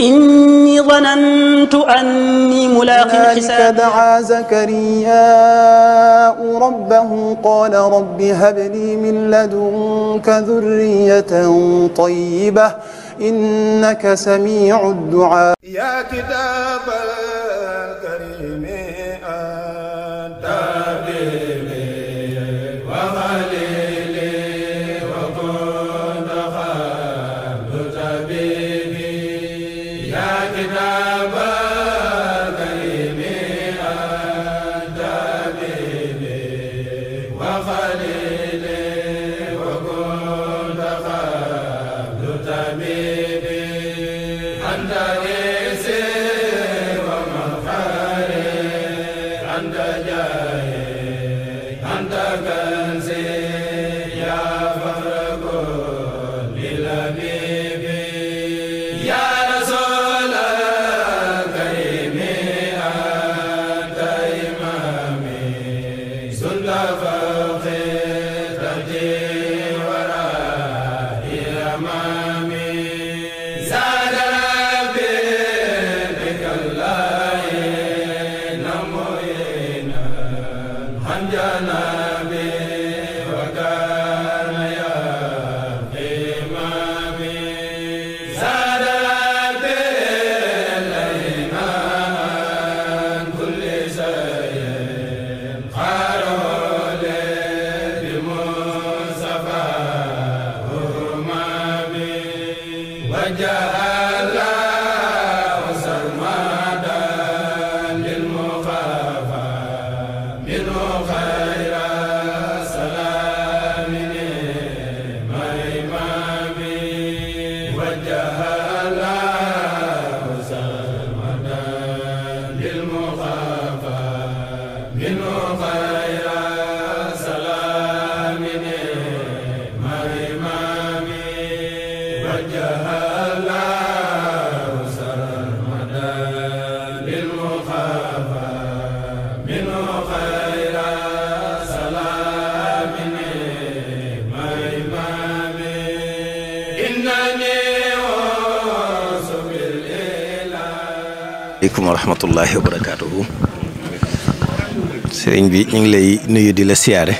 إني ظننت أني ملاق حسابي دعا زكرياء ربه قال رب هب لي من لدنك ذرية طيبة إنك سميع الدعاء يا كتاب Yeah. aleykum wa rahmatullahi sëriñ bi ñu ngi lay nuyu di la siyaare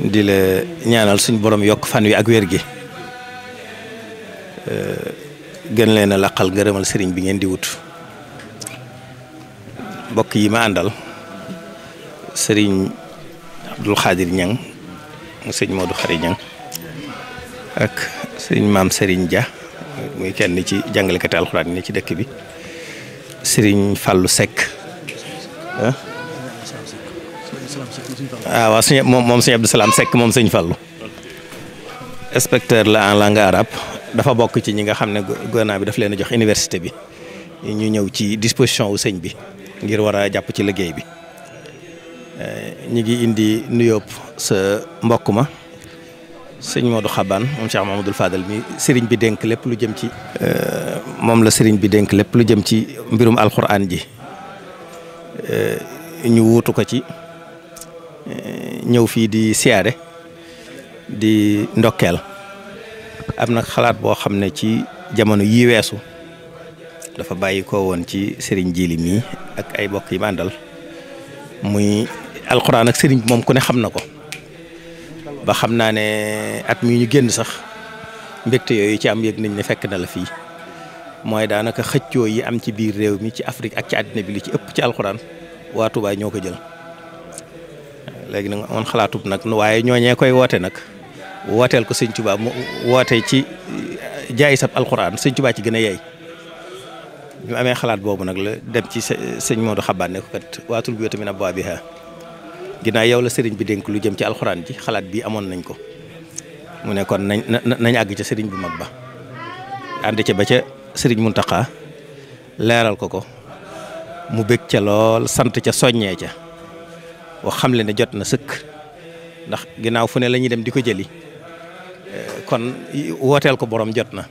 di la ñaanal suñ boroom yokk fan wi ak wér gi gën leen a laqal ngërëmal sëriñ bi ngeen di wut mbokk yi ma sëriñ Abdul Xaadir Ñang sëñ Modou Xari Ñang ak sëriñ maam sëriñ ja muy kenn ci jàngalekati alxuraan yi ne ci dëkk bi sëriñ Fallou Seck ah. ah waaw suñu moom moom sëñ Abdou Salaam Seck moom sëñ Fallou. inspecteur la en langue arabe dafa bokk ci ñi nga xam ne gouvernement bi daf leen a jox université bi ñu ñëw ci disposition wu sëñ bi ngir war a jàpp ci liggéey bi eh, ñu ngi indi nuyoo sa mbokk ma. sëñ Modou Xaban moom Cheikh Mamadou Fadal mii sëriñ bi dénk lépp lu jëm ci. Euh, moom la sëriñ bi dénk lépp lu jëm ci mbirum alxuraan ji euh, ñu wuutu ko ci euh, ñëw fii di siyaare di ndokkeel am na xalaat boo xam ne ci jamono yii weesu dafa bàyyi ko woon ci sëriñ Jili mii ak ay bokk yi muy alxuraan ak sëriñ bi moom ku ne xam na ko. ba xam naa ne at mi ñu génn sax mbégte yooyu ci am yëg nañ ne fekk na la fii mooy daanaka xëccoo yi am ci biir réew mi ci Afrique ak ci àddina bi li ci ëpp ci alxuraan waa Touba ñoo ko jël léegi nag on xalaatub nag waaye ñooñee koy woote nag wooteel ko sëñ Touba mu woote ci jaay sab alxuraan sëñ Touba ci gën a yeey ñu amee xalaat boobu nag la dem ci sëñ moo Xabaan ne ko kat waatul bi tamit ab waa bi ginnaaw yow la sëriñ bi dénk lu jëm ci alxuraan ji xalaat bii amoon nañ ko mu ne kon nañ nañ àgg ca sëriñ bu mag ba ànd ca ba ca sëriñ Muntaxa leeral ko ko mu bëgg ca lool sant ca soññee ca wax xam le ne jot na sëkk ndax ginnaaw fu ne lañuy dem di ko jëli eh, kon wooteel ko boroom jot na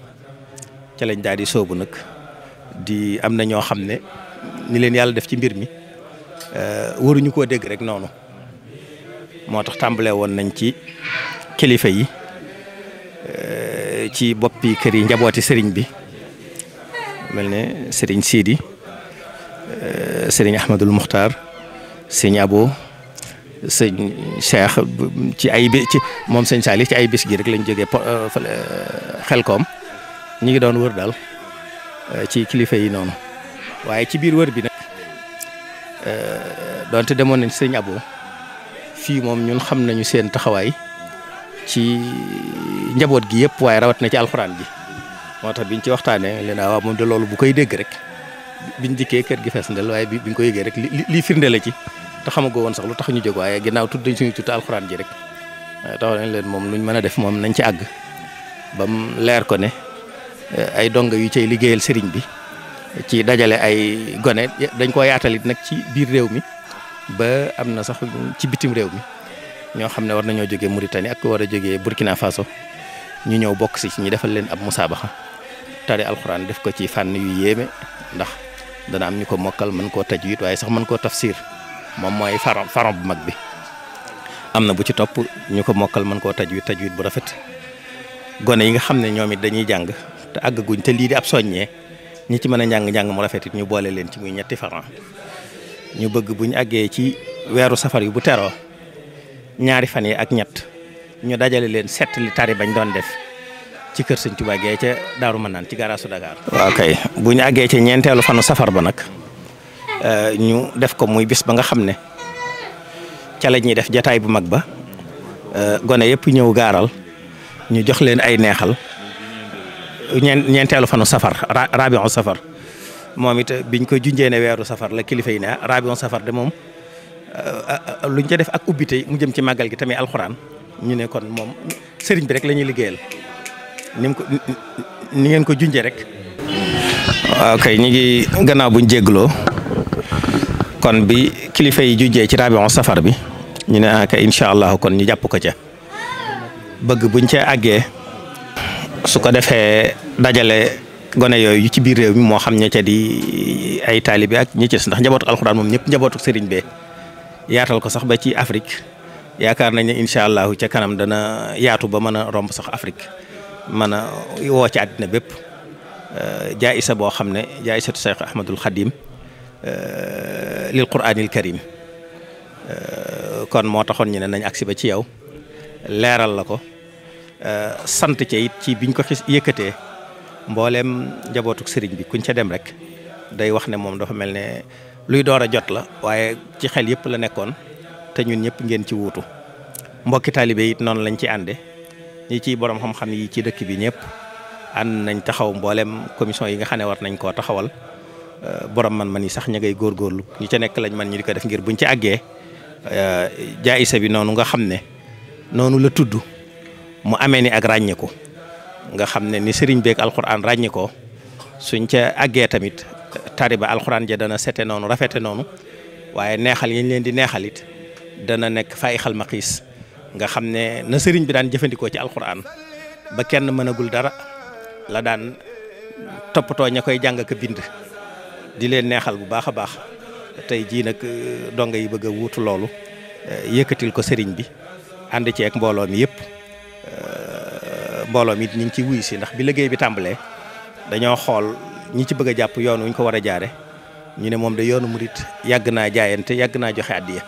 ca lañ daal di soobu nag di am na ñoo xam ne ni leen yàlla def ci mbir mi eh, waruñu koo dégg rek noonu moo tax tàmbale woon nañ ci kilifa yi ci boppi kër yi njabooti sëriñ bi mel ne sëriñ Sidi sëriñ Ahmadul Muxtaar sëriñ Abo sëñ Cheikh ci ay bi ci moom sëñ Salih ci ay bis gi rek lañ euh, euh, xel Xelkom ñu ngi doon wër daal euh, ci kilifa yi noonu waaye ci biir wër bi nag donte demoon nañ sëñ Abo. fii moom ñun xam nañu seen taxawaay ci njaboot gi yëpp waaye rawat na ci alxuraan ji moo tax biñ ci waxtaanee li naa waaw moom de loolu bu koy dégg rek biñ dikkee kër gi fes ndel waaye bi biñ ko yëgee rek li li firnde la ci te xamagoo woon sax lu tax ñu jóg ay ginnaaw tudd dañ suñu tudd alxuraan ji rek taxaw nañ leen moom lu ñu mën a def moom nañ ci àgg bam leer ko ne eh, ay donga yu cay liggéeyal sëriñ bi ci dajale ay gone dañ koo yaatalit nag ci biir réew mi ba am na sax ci bitim réew mi ñoo xam ne war nañoo jóge Mauritanie ak war a jógee Burkina Faso ñu ñëw bokk si ci ñu defal leen ab musaabaxa tari alxuraan def ko ci fànn yu yéeme ndax dana am ñu ko mokkal mën koo tajwid waaye sax mën koo tafsir moom mooy faron faron bu mag bi am na bu ci topp ñu ko mokkal mën koo tajwid tajwid bu rafet gone yi nga xam ne ñoom it dañuy jàng te àggaguñ te lii di ab soññee ñi ci mën a njàng jàng mu rafet ñu boole leen ci muy ñetti faran ñu bëgg buñ aggé ci wéru safar yu bu téro ñaari fan yi ak ñett ñu dajalé leen sét li tari bañ doon def ci kër sëñ Tuubaa gée ci Daaru manan ci garage Dakar. wa kay aggé ci ñentelu fanu safar ba euh ñu def ko muy bis ba nga xamné ci def jotaay bu mag ba euh, goné yépp ñëw gaaral ñu jox leen ay neexal ñentelu fanu safar rabiu safar moom it biñ ko junjee ne weeru safar la kilifa yi ne raabion safar de moom euh, euh, euh, luñ ca def ak ubbite mu jëm ci màggal gi tamit alxuraan ñu ne kon moom sëriñ bi rek la ñuy liggéeyal ni ko ni ngeen ko junjee rek. waaw kay ñu ngi gannaaw buñ jégloo kon bi kilifa yi junjee ci raabion safar bi ñu ne ah kay incha allah kon ñu jàpp ko ca bëgg buñ ca àggee su ko defee dajale. gone yoy yu ci bir rew mi mo xam ña ca di ay taalibe ak ñi ci ndax njabootu alxuraan moom ñëpp njabootu serigne bé yaatal ko sax ba ci Afrique yaakar nañ ni inshallah ci kanam dana yaatu ba mën romb sax Afrique mën wo ci adina bépp jaayisa bo xamné ne Cheikh Ahmadul khadim lil quraanil karim kon mo taxon ñi ne nañ aksi ba ci yow leral la ko sant ca it ci biñ ko xis yëkkatee. mbooleem njabootuk sëriñ bi kuñ ca dem rek day wax ne moom dafa mel ne luy door a jot la waaye ci xel yëpp la nekkoon te ñun ñëpp ngeen ci wuutu mbokki taalibe it noonu lañ ci ànde ñi ciy borom xam-xam yi ci dëkk bi ñëpp ànd nañ taxaw mbooleem commission yi nga xam ne war nañ koo taxawal euh, borom man-man yi sax ña ngay góorlu ñu ca nekk lañ man ñu di ko def ngir bu ñu ci àggee euh, jaayisa bi noonu nga xam ne noonu la tudd mu amee ni ak ràññeeku nga xamne ni serigne bek alxuraan ràññi ko suñ ca àggee tamit tariba alxuraan ja dana sété nonu rafété nonu neexal yiñ leen di neexalit dana nek faayixal maqis nga xamne na serigne bi daan jëfëndiko ci alxuraan ba kenn mënagul dara la daan toppatoo ñakoy jang ak bind di leen neexal bu baaxa baax tay ji nak donga yi bëgg wuutu loolu euh, yëkëtil ko serigne bi and ci ak mbolo mi yëpp euh, mbooloo mi ñu ngi ci wuy si ndax bi liggéey bi tàmbalee dañoo xool ñi ci bëgg a jàpp yoon wuñ ko war a jaare ñu ne moom de yoonu murit yàgg naa jaayante yàgg naa joxe àddiya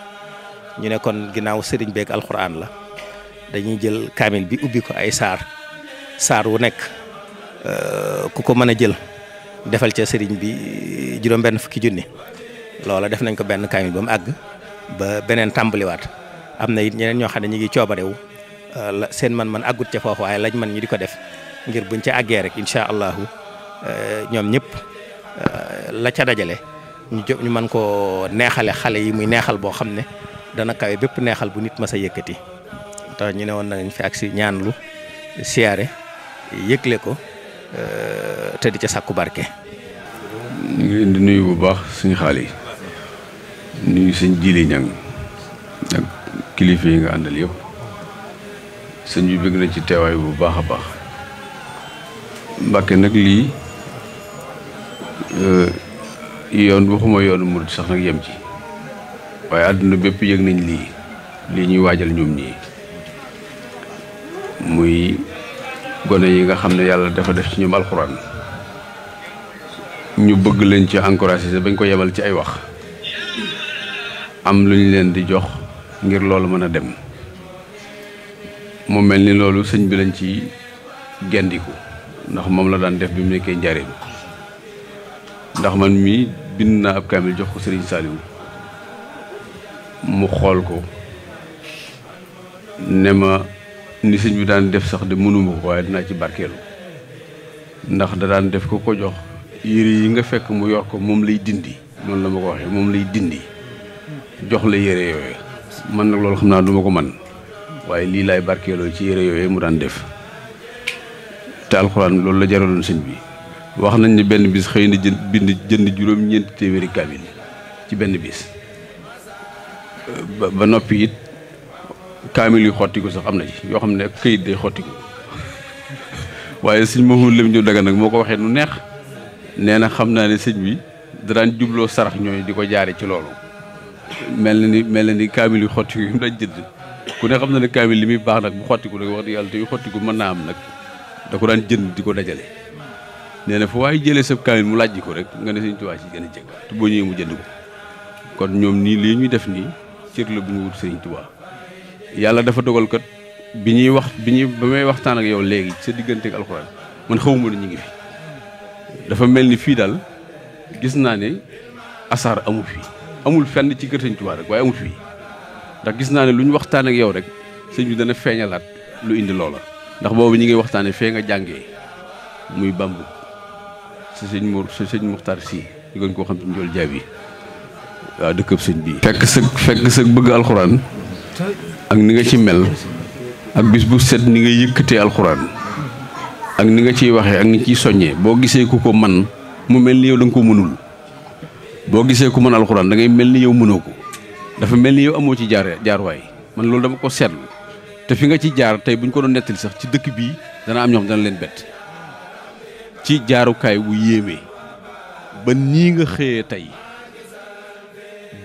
ñu ne kon ginnaaw sëriñ beeg alxuraan la dañuy jël kaamil bi ubbi ko ay saar saar wu nekk euh, ku ko mën a jël defal ca sëriñ bi euh, juróom benn fukki junni loola def nañ ko benn kaamil ba mu àgg ba beneen tàmbaliwaat am na it ñeneen ñoo xam ne ñu ngi coobarewu seen man-man agut ci fofu way lañ man ñi diko def ngir buñ ci àggee rek inshallah allahu eh, ñoom ñëpp eh, la ca dajale ñu jë ñu mën koo neexale xalé yi muy neexal bo xam dana kawé bépp neexal bu nit mas yëkëti ta ñu ne nañ fi ak ñaan lu ko eh, te di ci sakku barke. ñu ngi di nuyu bu baax suñu xaal yi nuyu suñu jili ñang ak nga andal yëpp. sëñ bi bëgg nañ ci teewaay bu baax a baax Mbàkke nag lii euh, yoon waxuma yoonu murid sax nag yem ci waaye àdduna bépp yëg nañ lii lii ñuy waajal ñoom ñi muy gone yi nga xam ne yàlla dafa def ci ñoom alxuraan ñu bëgg leen ci encouragé bañ ko yemal ci ay wax am lu ñu leen di jox ngir loolu mën a dem mu mel ni loolu sëñ bi lañ ci gendiku ndax moom la daan def bi mu nekkee njariñ ndax man mii bind naa ab kaamil jox ko sëriñ Saliou mu xool ko ne ma ni sëñ bi daan def sax de mënuma ko waaye dinaa ci barkeelu ndax da daan def ko ko jox yére yi nga fekk mu yor ko moom lay dindi noonu la ma ko waxee moom lay dindi jox la yére yooyu man nag loolu xam naa duma ko man waaye lii laay barkeeloo ci yére yooyu mu daan def te alxuraan loolu la jaraloon sëñ bi wax nañ ni benn bis xëy na jënd bind jënd juróom-ñeenti téeméeri kaamil ci benn bis ba noppi it kaamil yu xottiku sax am na ci yoo xam ne këyit day xottiku waaye sëñ Mamadou Lamine Diop Dagana nag moo ko waxee nu neex nee na xam naa ne sëñ bi daan jubloo sarax ñooy di ko jaare ci loolu mel na ni mel na ni kaamil yu xottiku yi mu daan jënd ku ne xam na ne kaamil li muy baax nag bu xottiku rek wax dëgg yàlla te yu xottiku mën naa am nag da ko daan jënd di ko dajale nee na fu waaye jëlee sab kaamil mu laaj ko rek nga ne Sëñ Tuubaa ci gën a jëg te boo ñëwee mu jënd ko kon ñoom nii lii ñuy def nii cër bu ñu wut Sëñ Tuubaa yàlla dafa dogal bi ñuy wax bi ñuy ba may waxtaan ak yow léegi sa diggante ak alxuraan man xawuma ne ñu ngi fi dafa mel ni fii daal gis naa ne asaar amul fii amul fenn ci kër Sëñ rek waaye amul fii ndax gis naa ne lu ñu waxtaan ak yow rek sëñ bi dana feeñalaat lu indi loola ndax boobu ñu ngi waxtaanee fee nga jànge muy bambu sa sëñ sëñ Muxtaar si ñu gën koo xam ci njool jaab yi waaw dëkkab sëñ bii. fekk sa fekk sa bëgg alxuraan ak ni nga ci mel ak bis bu set ni nga yëkkatee alxuraan ak ni nga ciy waxee ak ni ciy soññee boo gisee ku ko man mu mel ni yow da nga ko mënul boo gisee ku mën alxuraan da ngay mel ni yow mënoo ko. dafa mel ni yow amoo ci jaar jaaruwaay man loolu dama ko seetlu te fi nga ci jaar tey bu ñu ko doon nettali sax ci dëkk bii dana am ñoom xam dana leen bett ci jaarukaay bu yéeme ba nii nga xëyee tey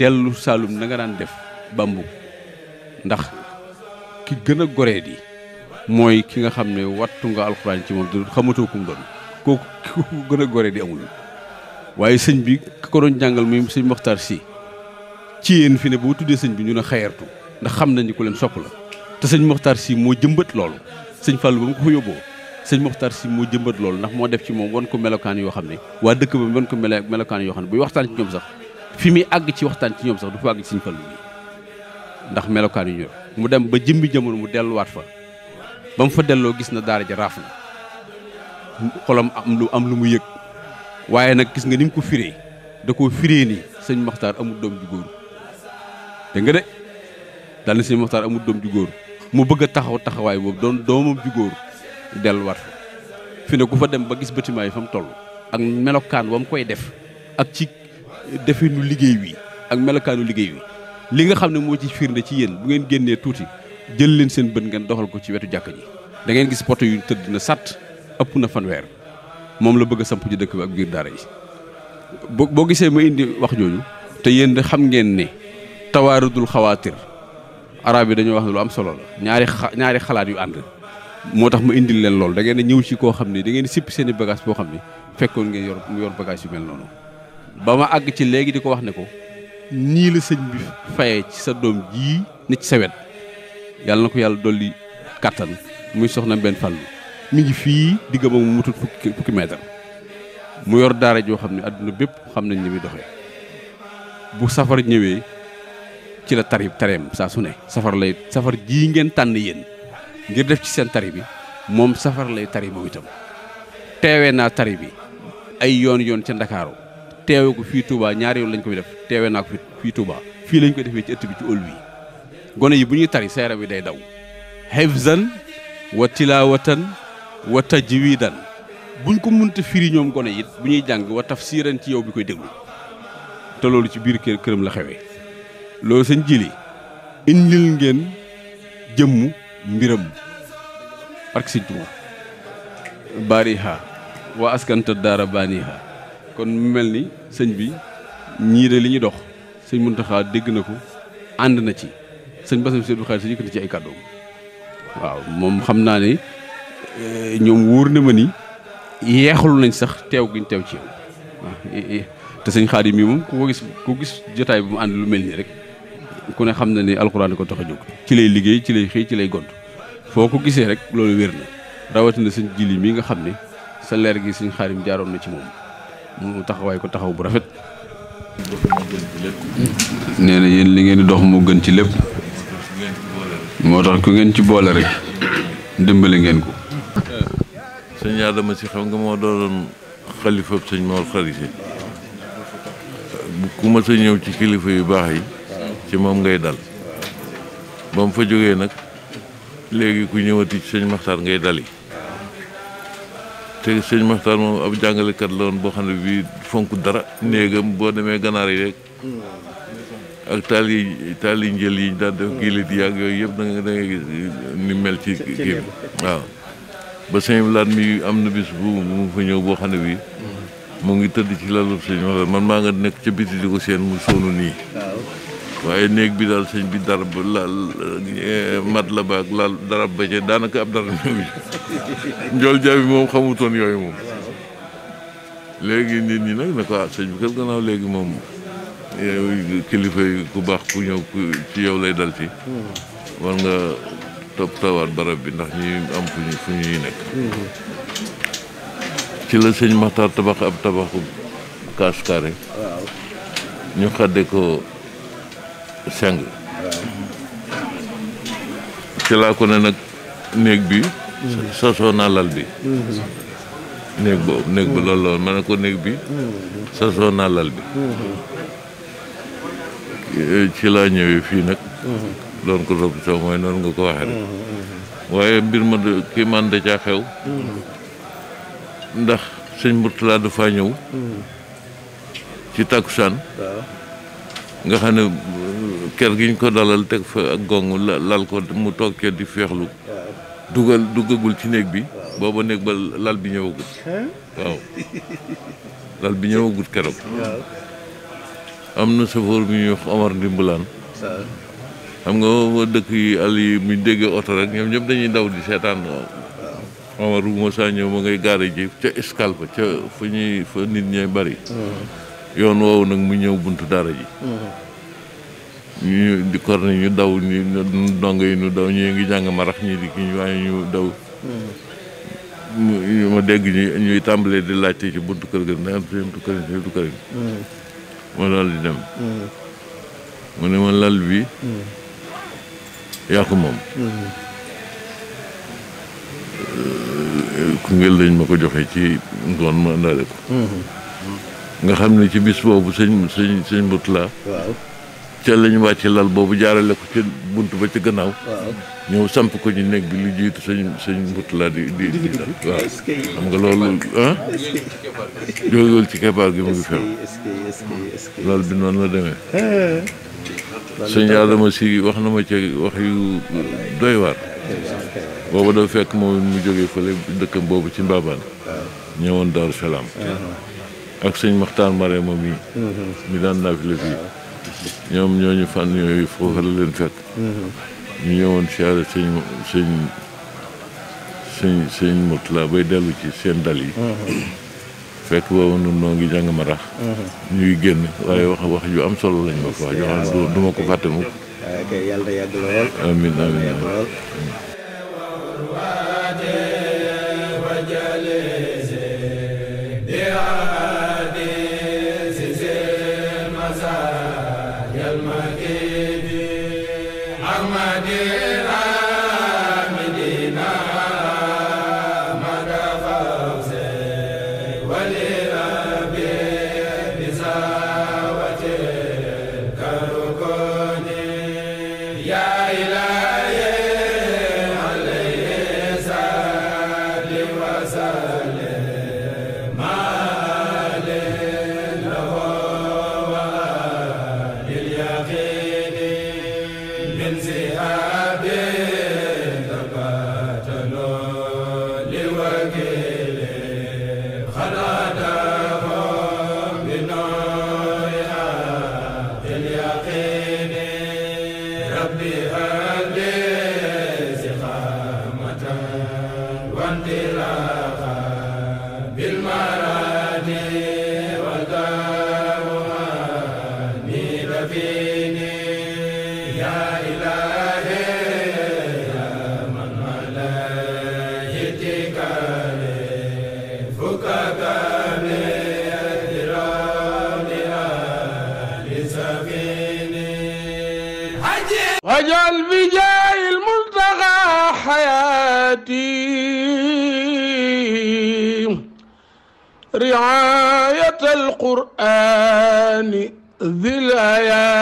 dellu Saalum na nga daan def bambu ndax ki gën a goree mooy ki nga xam ne wattu nga alxuraan ci moom du xamatoo kum doon kooku ku gën a goree waaye sëñ bi ki ko doon jàngal muy sëñ Moxtaar si ci yéen fi ne boo tuddee sëñ bi ñun ne xayartu ndax xam nañu ko leen sopp la te sañ maxtar si moo jëmbat loolu sëñ Fallou ba mu ko fa yóbboo sëñ Moxtaar si moo jëmbat loolu ndax moo def ci moom wan ko melokaan yoo xam ne waa dëkk ba wan ko melokaan yoo xam ne buy waxtaan ci ñoom sax fi muy àgg ci waxtaan ci ñoom sax du fa àgg ci sëñ Fallou bi ndax melokaan yu mu dem ba jëmbi jamono mu delluwaat fa ba mu fa delloo gis na daara ja raaf na lu am lu mu yëg waaye nag gis nga ni ko firee da koo firee nii sëñ Moxtaar amul doom ju dégg nga de daal na sëñ Maxtaar doom ju góor mu bëgg a taxaw taxawaay boobu doon doomam ju góor delluwaat fi ne ku fa dem ba gis bâtiment yi fa mu toll ak melokaan wa koy def ak ci definu liggéey wi ak melokaanu liggéey wi li nga xam ne moo ci firnde ci yéen bu ngeen génnee tuuti jël leen seen bët ngeen doxal ko ci wetu jàkka ji da ngeen gis poto yu tëdd na sàtt ëpp na fanweer moom la bëgg a samp dëkk bi ak biir daara yi boo gisee mu indi wax jooju te yéen xam ngeen ne tawaaridul xawaatir araab yi dañoo wax ne lu am solo la ñaari ñaari xalaat yu ànd moo tax mu indi leen loolu da ngeen a ñëw ci koo xam ne da ngeen sipp seen i bagage boo xam ne fekkoon ngeen yor yor bagage yu mel noonu ba ma àgg ci léegi di ko wax ne ko nii la sëñ bi fayee ci sa doom jii ni ci sa wet yàlla na ko yàlla dolli kàttan muy soxna benn fàll mi ngi fii di gëm ak mu mutut fukki fukki mu yor daara joo xam ne àdduna bépp xam nañ ni muy doxee bu safar ñëwee ci la tari tareem saa su ne safar lay safar jii ngeen tànn yéen ngir def ci seen tari bi moom safar lay tari moom itam teewee naa tari bi ay yoon yoon ca ndakaaru teewe ko fii Touba ñaari yoon lañ koy def teewee naa ko fii Touba fii lañ ko defee ci ëtt bi ci ëll bi gone yi bu ñuy tari seera bi day daw hifzan wa tilawatan wa tajwidan buñ ko munta firi ñoom gone it bu ñuy jàng wa tafsiran ci yow bi koy déglu te loolu ci biir kër këram la xewee loolu sëñ jili indil ngeen jëmm mbiram barke sëñ Tuubaa baariha waa askanta daara baaniha kon mu mel ni sëñ bi ñii de li ñuy dox sëñ Muntaxa dégg na ko ànd na ci sëñ Bassirou Sëñ Bukhari si yëkkati ci ay kàddoom waaw moom xam naa ne eh, ñoom wuur na ma ni yeexalu nañ sax teew gi ñu teew ci yow ah, eh, eh, te sëñ Xaadim mii moom ku ko gis jotaay bu mu ànd lu mel nii rek ku ne xam na ni alxuraan ko tax a jóg ci lay liggéey ci lay xëy ci lay gont foo ko gisee rek loolu wér na rawatina sëñ jili mi nga xam ne sa leer gi sëñ mu jaaroon na ci moom mu taxawaay ko taxaw bu rafet nee na yéen li ngeen di dox mu gën ci lépp moo tax ku ngeen ci boole rek dimbali ngeen ko sëñ Adama si xam nga moo doon xalifa sëñ Mor Xari si ku ma ñëw ci kilifa yu baax yi ci moom ngay dal ba mu fa jógee nag léegi ku ñëwati ci sëñ Maxtaar ngay dali te sëñ Maxtaar moom ab jàngalekat la woon boo xam ne bii fonk dara néegam boo demee ganaar yi rek ak taal taali taal yi njël yi daan def gilit yi ak yooyu yëpp da nga da gis ni mel ci kii waaw ba sëñ mi am na bis bu mu fa ñëw boo xam ne bii mu ngi tëdd ci lalu sëñ Maxtaar man maa nga nekk ca biti di ko seen mu sonu nii waaye néeg bi daal sëñ bi darab ba laal eh, mat laal darab ba ca daanaka ab dara ñëw yi njool jaabi moom xamutoon yooyu moom léegi nit ñi nag ne ko ah, bi kat gannaaw léegi moom kilifa yi ku baax ku ñëw ci yow lay dal ci hmm. war nga topp tawaat barab bi ndax ñi am fu ñu hmm. ci la sëñ Maxtaar tabax ab tabaxu kaas carré ñu xadde ko seng ci laa ko ne nag néeg bi sosoo naa lal bi néeg boobu néeg bi loolu loolu ma ko néeg bi sosoo naa lal bi ci laa ñëwee fii nag doon ko topp soo nga ko waxee rek waaye mbir ma kii man da xew ndax sëñ Murtala dafa ñëw ci takkusaan nga xam ne kër gi ñu ko dalal teg fa ak gongu lal ko mu toog ca di feexlu dugal duggagul ci néeg bi booba néeg ba lal bi ñëwagut waaw lal bi ñëwagut keroog am na safoor bi ñuy wax Ndimbalaan xam nga dëkk yi àll yi mu déggee oto rek ñoom ñëpp dañuy daw di seetaan Omar bu ma saa ñëw ma ngay gaare ji ca escale ba ca fa ñuy fa nit ñay bari yoon woowu nag mu ñëw buntu dara ji ñu di corne ñu daw ñu dong yi ñu daw ñu ngi jàng marax ñi di kii ñu daw. Hmm. ñu ma dégg ñu ñuy tàmbalee di laajte ci buntu kër gi naan fi mu tukkari fi mu tukkari. ma daal di dem. Hmm. mu ne ma lal bi. Hmm. yaa ko moom. Koungheul lañ ma ko joxe ci ngoon ma ndaale ko. nga xam ne ci bis boobu sëñ sëñ sëñ Moutla. ca la ñu wàcce lal boobu jaarale ko ca bunt ba ca gannaaw. ñëw samp ko ñu néeg bi lu jiitu sañ sañ mbutu laa di di di dal waaw xam nga loolu ah jógewul ci keppaar gi mu ngi feew lal bi noonu la demee sëñ Adama si wax na ma ci wax yu doy waar booba dafa fekk moom mu fa fële dëkkam boobu ci Mbabane ñëwoon Daaru Salaam ak sëñ Maxtaar Mare moom yi mi daan naafile fii ñoom ñoo ñu yooyu foofa la leen fekk. Mhm. ñu ñëwoon siyaare sëñ sëñ sëñ sëñ Mourtala bay dellu ci seen dal yi. Mhm. fekk boobu nun noo ngi jàng marax mhm. ñuy génn waaye wax wax ju am solo lañ ma ko wax joo xam du ma ko fàtte mukk. yàlla yàgg رعاية القرآن ذي الايام